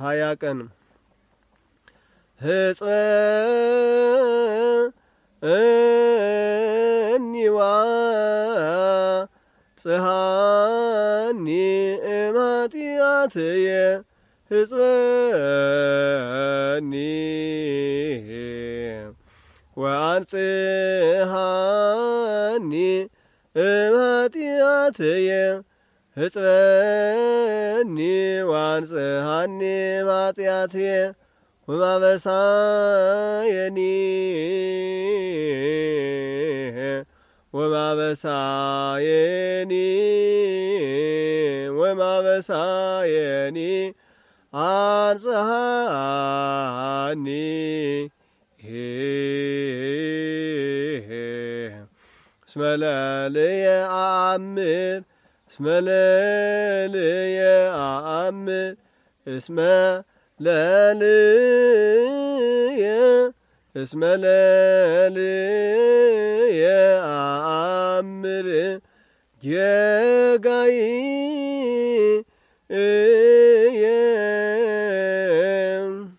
ሀያ ቀን ህጽእኒዋ ጽሃኒ እማጢአትየ ህጽእኒ ወአንጽሃኒ እማጢአትየ ሕጽበኒ ዋንጽሃኒ ማጢአትየ ወማበሳየኒ ወማበሳየኒ ወማበሳየኒ አንጽሃኒ እስመ ለልየ አአምር እስመ ለልየ አአም እስመ ለልየ እስመ ለልየ አአምር ጌጋይ